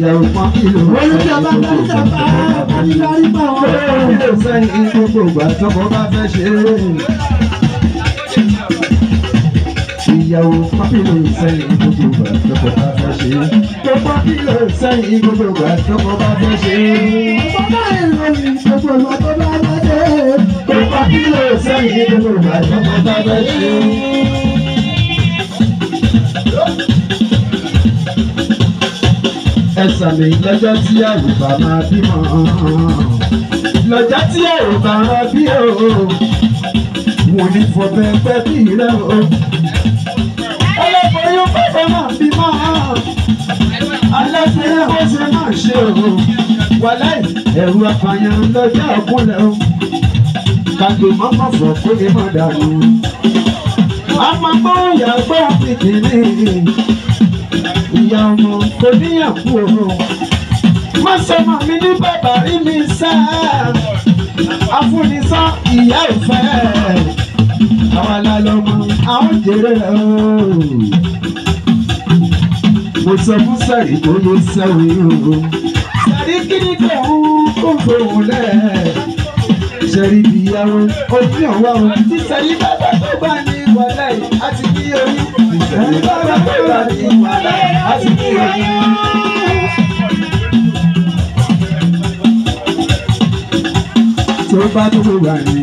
ìyàwó kan kìlò. olùkọ́ bá bá sábà àdìgbárí bá sẹ́yìn gbogbo ìgbà tọ́kọ bá fẹ́ ṣe é. ìyàwó sẹ́yìn gbogbo ìgbà tọ́kọ bá fẹ́ ṣe é. kópa sẹ́yìn gbogbo ìgbà tọ́kọ bá fẹ́ ṣe é. ẹ sàmì lọ́jọ́ tí àrùbá máa bímọ lọ́jọ́ tí àrùbá máa bí o wò ní fọbẹ pẹ bí rẹ o ọlọ́pàá fọbẹ máa bímọ aláfẹ́rẹ́ ó ṣe máa ṣe o wàlẹ́ ẹ̀rù apààyàn lọ́jọ́ ọ̀kúnlẹ̀ o kàgbé mọ́mọ́ sọ pé má dànù àmọ́ bóyá gbọ́ àti kìíní ìyá ọmọ kò níyàwó ọ̀rọ̀ má sọ mà mí ní bàbá rí mi sá afúnisá ìyá ìfẹ́ àwọn alálọ́mọ àwọn jèrè ooo mo sọ fún sẹ́rí kò yẹ sẹ́wé ooo sẹ́rí kí ni tẹ̀hún kò fòun lẹ̀ sẹ́rí ìyàwó ojú ọ̀wá o tí sẹ́rí bàbá tó bá ní ìmọ́lẹ̀ àti kí orí ẹni bá bá kúrò àti ìmọ́lẹ̀ àti kí orí. tó bá tó gbà ní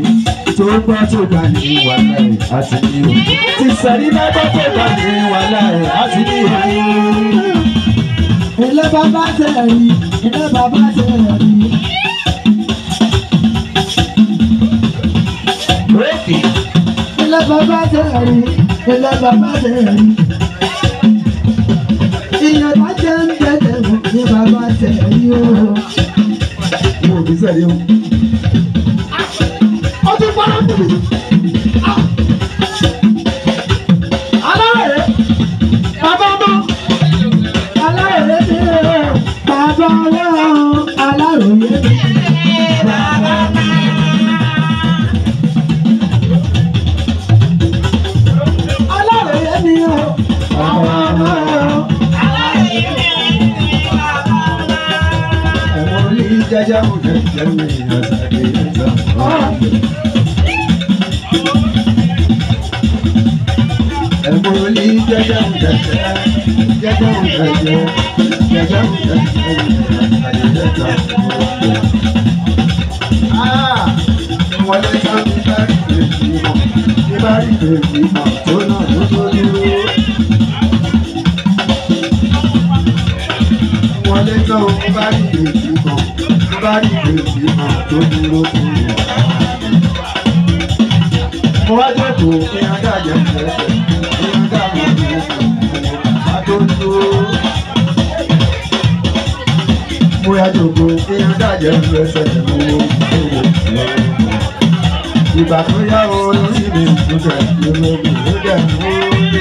tó bá tó gbà ní wàláì àti kí orí. ti sẹ́rí bá bá tó gbà ní wàláì àti kí orí. ilé bàbá tẹ̀ ẹ̀rí ilé bàbá tẹ̀ ẹ̀rí. Thank you ilé bàbá sẹ́ẹ̀rì ilé bàbá sẹ́ẹ̀rì. ìyẹn bá jẹ́ ń tẹ̀lé wọ̀ ní bàbá sẹ́ẹ̀rì o. mo ò ní sẹ́ẹ̀rì o. Ah, ó ti gbọ́dọ̀ kù mí. Aláròyé. jaja muda jami asake Emoli jaja muda jaja muda jaja muda Ah, wale sami bari kesi mo, bari kesi mo, tono wọlé jọ o mo bá rí ìgbèjì kan mo bá rí ìgbèjì kan tó dúró fún mi. mo wá jókòó ní ọjà jẹ̀mú ẹsẹ̀ ní ọjà ní ẹsẹ̀ mo tó dúró. mo yá jókòó ní ọjà jẹ̀mú mo wò ó wò ìgbà tó yá o lórí mi ló dẹ̀ ló lóbi ló dẹ̀ ló lóbi.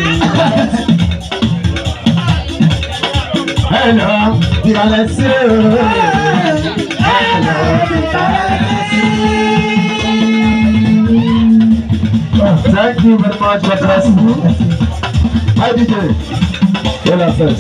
Hello. I you? Oh, thank you very much, God bless you. Hi, DJ. Hello, sir.